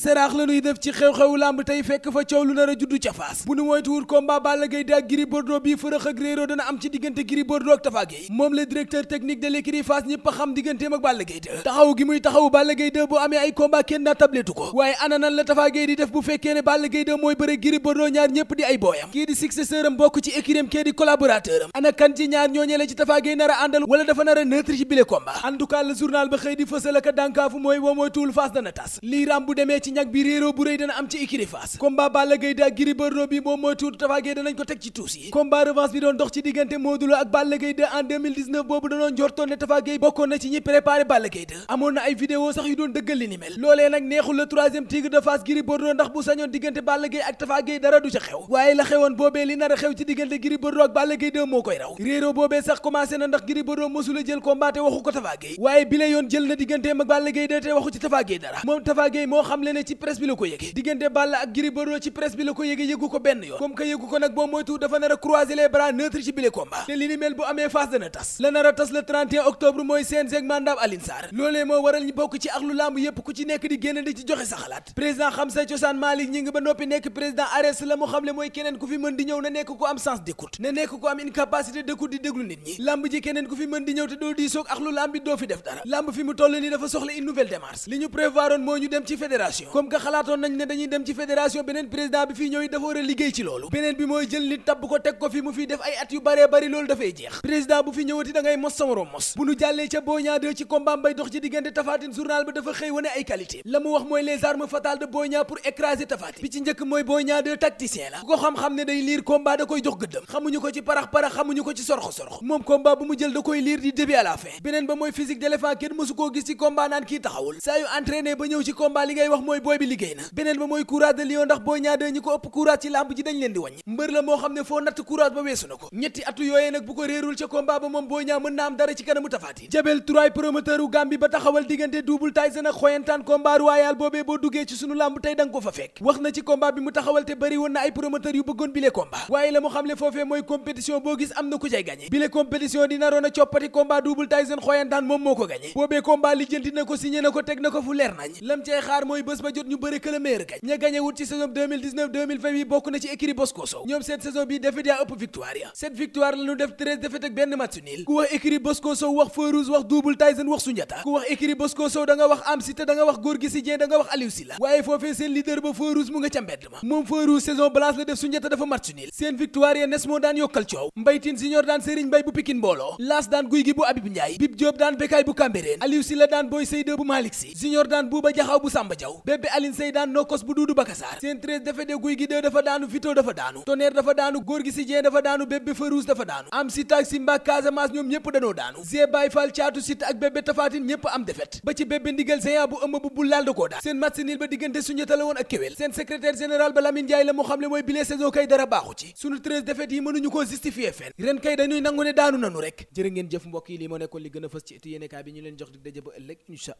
seraax la nuy def ci xew-xewu lamb tey fekk fa coow lu nar a juddu ca faas bu nu moytuwul combat Balla Gaye 2 ak Gris Bordeaux bii fërëx ak réeroo dana am ci diggante Gris Bordeaux ak Tapha moom le directeur technique de l'écurie Fass ñëpp a xam digganteem ak Balla Gaye 2 gi muy taxaw Balla Gaye 2 amee ay combat kenn naa tabletu ko waaye ana la Tapha di def bu fekkee ne Balla Gaye mooy bëre Gris Bordeaux ñaar ñëpp di ay booyam kii di successeur am a a neutre ci ci ñag bi réeroo bu réy dana am ci écurie Fass combat Balla Gaye 2 ak Gris Bordeaux bi moom mooy tuuti Tapha Gueye ko teg ci tuus yi combat revanche bi doon dox ci diggante Modou ak Balla Gaye 2 boobu danoon njortoon ne Tapha bokkoon na ci ñi préparé Balla Gaye amoon na ay vidéo sax yu doon dëggal li ni mel loolee nag neexul le troisième tigre de Fass Gris a xew ci diggante Gris Bordeaux ak Balla Gaye 2 ne ci presse bi la ko yëge yëgu ko benn yoon comme que yëgu ko nag boo moytu dafa nar a les bras neutre ci bile combat te li ni mel bu amee face dana tas la nar tas le octobre mooy CNG ak mandat Alioune Sarr loolee moo waral bokk ci axlu lamb yépp ku ci nekk di génn di ci joxe sa xalaat président xam sa cosaan Malick ñi ngi ba noppi nekk président Ares la mu xamle mooy keneen ku fi mën di ñëw na nekk ku am sens d'écoute na nekk ku fédération comme que xalaatoon nañ ne dañuy dem ci fédération beneen président bi fii ñëw dafa war a liggéey ci loolu beneen bi mooy jël nit tabb ko teg ko fi mu fiy def ay at yu baree bari loolu dafay jeex président bu fi ñëwati da ngay mos sa morom mos bu nu jàllee ca Boy Niang ci combat mbay dox ci diggante Tapha Tine journal dafa xëy wane ay qualité la mu wax mooy les armes de Boy pour écraser Tapha bi ci njëkk mooy Boy Niang 2 la ku ko xam-xam ne day liir combat da koy jox gëddëm xamuñu ko ci parax ko ci sorxo-sorxo moom combat bu mu jël koy liir di début à la fin beneen taxawul saa yu entraîné li ngay wax mooy booy bi liggéey na beneen ba mooy courage de lion ndax Boy Niang 2 ko ëpp courage ci làmb ji dañ leen di wàññi mbër la moo xam ne foo natt courage ba weesu na ko ñetti atu yooyee nag bu ko réerul ca combat ba moom Boy Niang mën na am dara ci kanamu tafaati jabel turaay promoteur Gambie ba taxawal diggante Double Tyson ak xoyantaan combat royal boobee boo duggee ci sunu làmb tey da ko fa fekk wax na ci combat bi mu taxawal te bari woon na ba jot ñu bëri que le meilleur gagne ña gagné wut ci na ci écurie Bosco Sow ñoom seen saison bi défaite yaa ëpp victoire ya sept victoire la ñu def ku wax écurie Bosco wax feu wax double Tyson wax Sunjata ku wax écurie Bosco Sow wax am te da wax góor gi si Dieng da nga wax Aliou waaye foofee seen leader ba feu mu nga ca mbedd ma moom feu rouge saison la def Sunjata dafa match nul seen victoire ya nes moo daan yokkal coow mbaytin senior daan Serigne Mbaye bu Pikine mbooloo laas daan guy gi bu Abib Ndiaye Bib Diop daan Bekaay bu Cambérène Aliou Sila daan daan Bouba Jaxaw bu Samba bébé alin Sey daan nokkos bu duudu bakasaar seen treize dafa de guy gi dafa daanu Vito dafa daanu tonnerre dafa daanu góor gi si jeen dafa daanu bébé Farouz dafa daanu am si tak si mbaa Casamance ñoom ñépp danoo daanu Zé Baye Fall caatu sit ak bébé tafaatin ñépp am defet ba ci bébé ndigal séya bu ëmb bu bu laal da koo daan seen match nil ba diggante suñeta la woon ak kéwél seen xam le mooy bile saison kay dara baaxu ci suñu treize défaites yi mënuñu koo justifier fenn ren kay dañuy nangu ne daanu nanu rek ngeen jëf mbokk yi lii ñu leen jox dig daje